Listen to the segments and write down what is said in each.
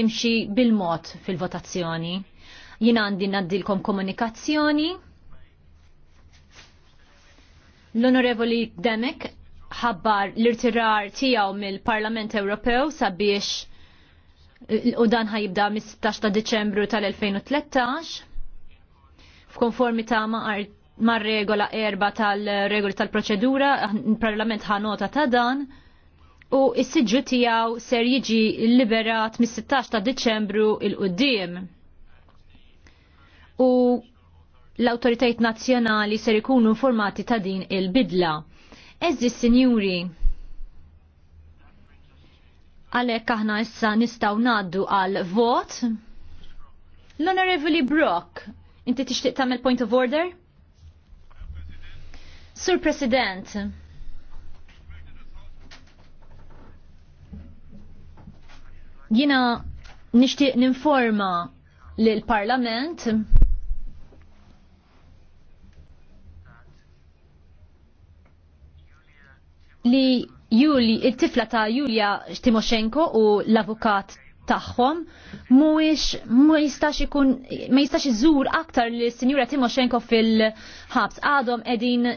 imxi bil-mod fil-votazzjoni. Jien għandi naddilkom komunikazzjoni. L-Onorevoli Demek ħabbar l-irtirar tijaw mill-Parlament Ewropew sabiex u dan ħajibda mis-16 ta' Deċembru tal-2013 f'konformità ma' regola erba tal-regoli tal-proċedura, il-Parlament ħanota ta' dan u s-sidġu tijaw ser jiġi liberat mis-16 ta' Deċembru il-qoddim. U l-autoritajt nazjonali ser ikunu informati ta' din il-bidla. Eżi sinjuri, għalek aħna issa nistaw naddu għal vot. L-Honorevoli Brock, inti tixtieq tagħmel point of order? Sur President, Jina nishtiq ninforma l-Parlament li Juli, il-tifla ta' Julia Timoshenko u l-avukat tagħhom mhuwiex ma jistax iżur aktar li sinjura Timoshenko fil-ħabs. Għadhom qegħdin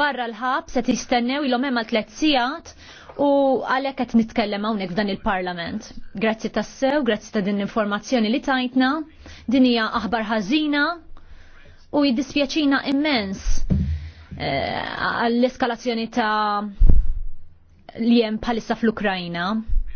barra l-ħabs qed jistennew ilhom hemm għal tliet sigħat u għalhekk qed nitkellem hawnhekk f'dan il-Parlament. Grazzi tassew, grazzi ta' din l-informazzjoni li tajtna, din hija aħbar ħażina u jiddispjaċina immens eh, għall-eskalazzjoni ta' li hemm bħalissa fl-Ukrajna.